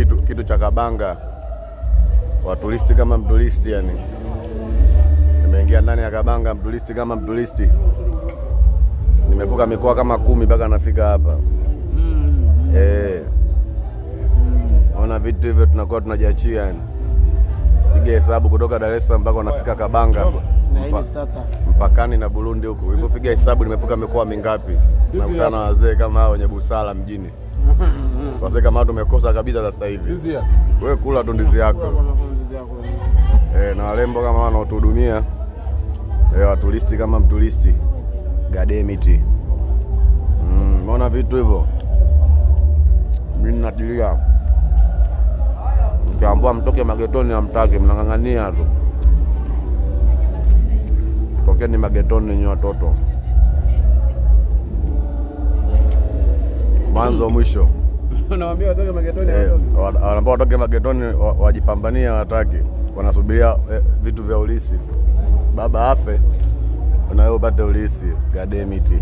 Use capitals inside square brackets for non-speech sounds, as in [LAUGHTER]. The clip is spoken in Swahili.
kitu, kitu cha kabanga, waturisti kama mturisti. Yani nimeingia ndani ya kabanga, mturisti kama mturisti. Nimevuka mikoa kama kumi mpaka nafika hapa mm-hmm. eh. Ona vitu hivyo tunakuwa tunajiachia yani, piga hesabu kutoka Dar es Salaam mpaka unafika kabanga Mpa, mpakani na Burundi huko, hivyo piga hesabu nimevuka mikoa mingapi. Nakutana na wazee kama hao wenye busara mjini. Sasa [LAUGHS] kama tumekosa kabisa sasa hivi. Wewe kula tu ndizi yako e, na walembo kama wanaotuhudumia e, eh, waturisti kama mturisti gademiti maona mm, vitu hivyo mimi ninatilia mkiambua mtoke magetoni amtake mnang'ang'ania tu tokeni magetoni nyinyi watoto. mwanzo mwisho. Anawaambia [LAUGHS] watoke magetoni, eh, ambao watoke magetoni wajipambania, wataki wanasubiria eh, vitu vya ulisi. Baba afe na wewe upate ulisi. Gademiti.